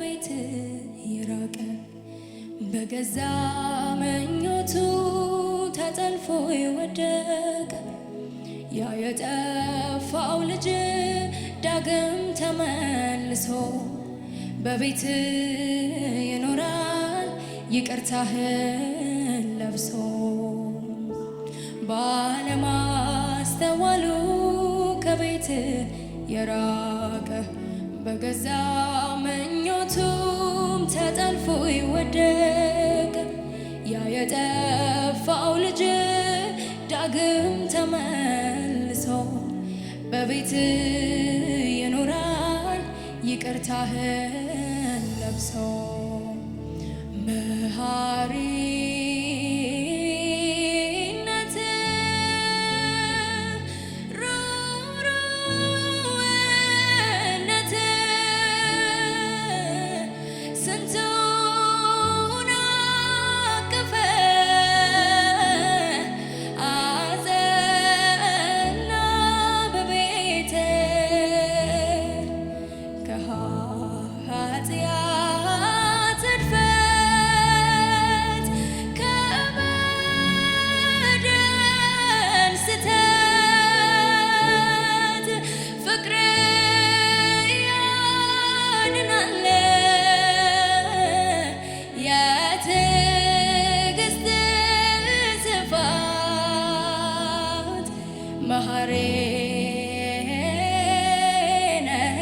ከቤት የራቀ በገዛ ምኞቱ ተጠልፎ የወደቀ ያ የጠፋው ልጅ ዳግም ተመልሶ በቤት ይኖራል ይቅርታህን ለብሶ ባለማስተዋሉ ከቤት የራቀ በገዛ ምክንያቱም ተጠልፎ ይወደቅ ያ የጠፋው ልጅ ዳግም ተመልሶ በቤት ይኖራል ይቅርታህን ለብሶ መሐሪ ነህ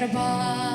Erba.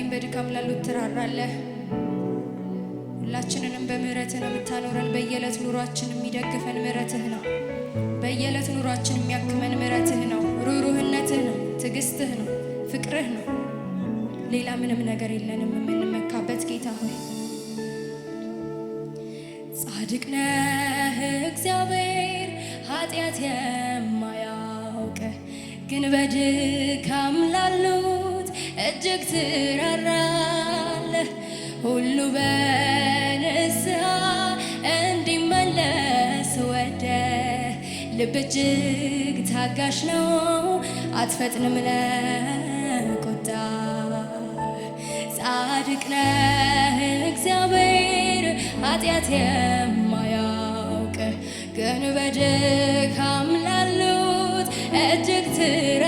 ዛሬም በድካም ላሉት ትራራለህ። ሁላችንንም በምህረትህ ነው የምታኖረን። በየዕለት ኑሯችን የሚደግፈን ምህረትህ ነው። በየዕለት ኑሯችን የሚያክመን ምህረትህ ነው። ሩህሩህነትህ ነው። ትዕግስትህ ነው። ፍቅርህ ነው። ሌላ ምንም ነገር የለንም የምንመካበት ጌታ ሆይ ጻድቅ ነህ እግዚአብሔር ኃጢአት የማያውቅ ግን በድካ እጅግ ትራራለህ ሁሉ በንስሐ እንዲመለስ ወደ ልብ እጅግ ታጋሽ ነው፣ አትፈጥንም ለቁጣ ጻድቅ ነህ እግዚአብሔር ኃጢአት የማያውቅ ግን በድካም ላሉት እጅግ ትራ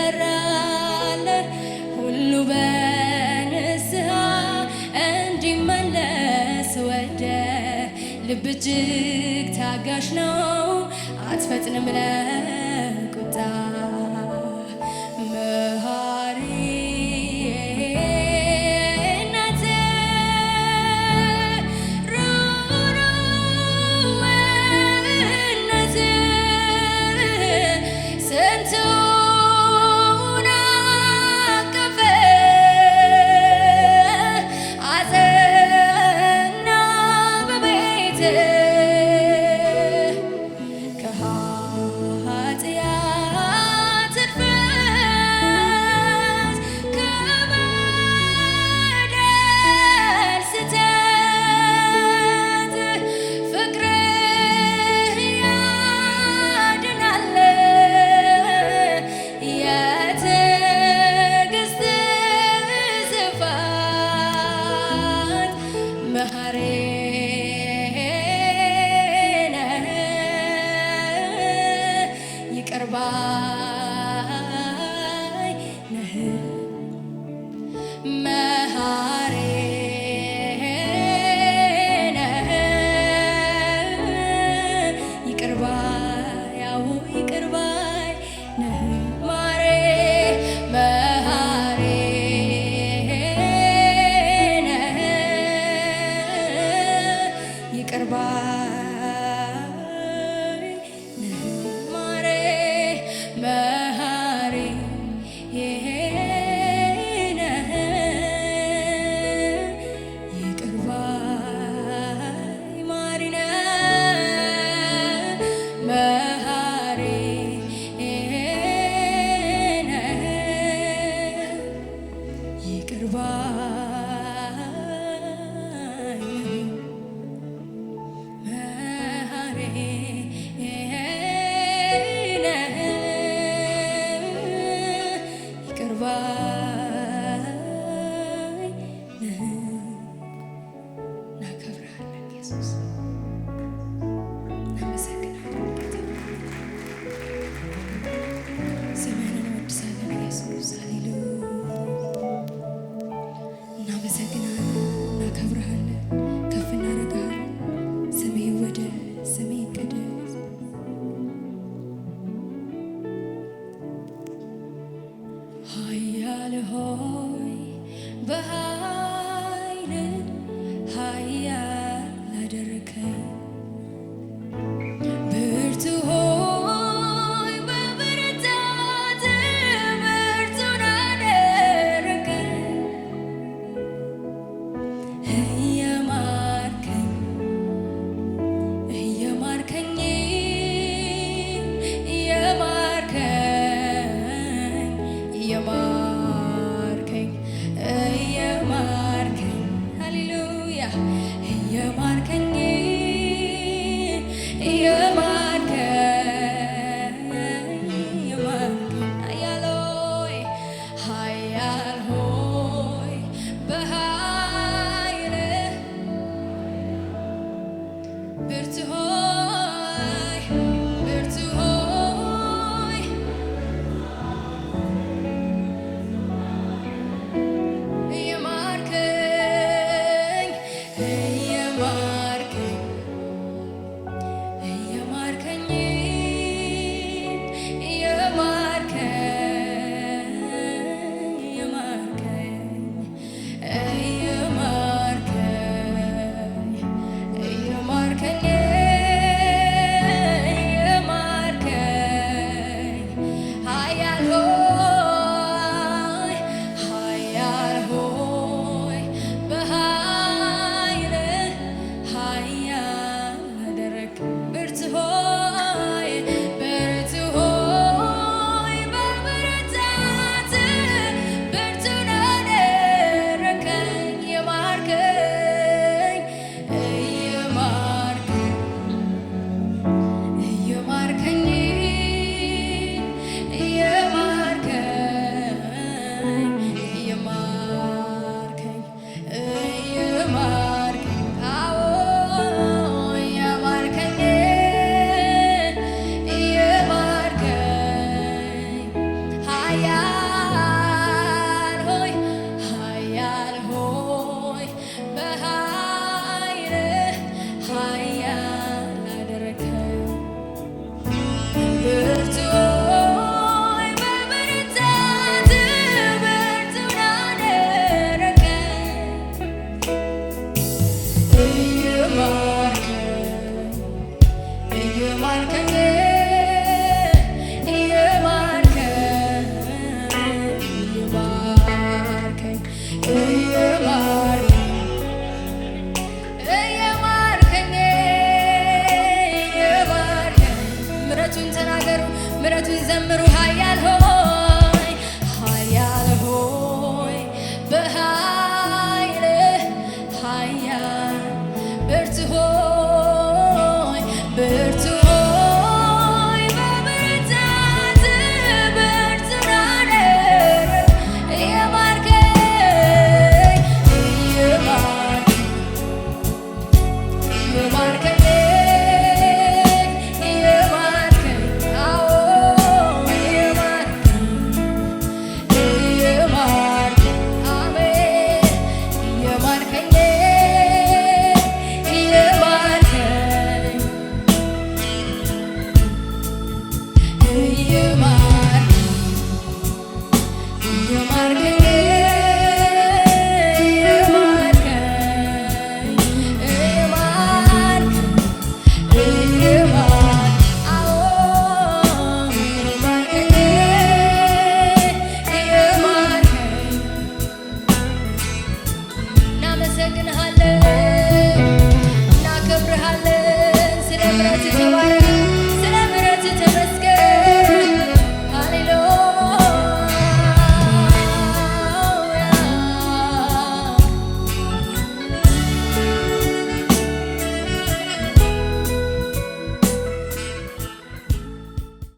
ልብ እጅግ ታጋሽ ነው፣ አትፈጥንም ለ ባይ ነህ መሃሪ goodbye. Yeah, my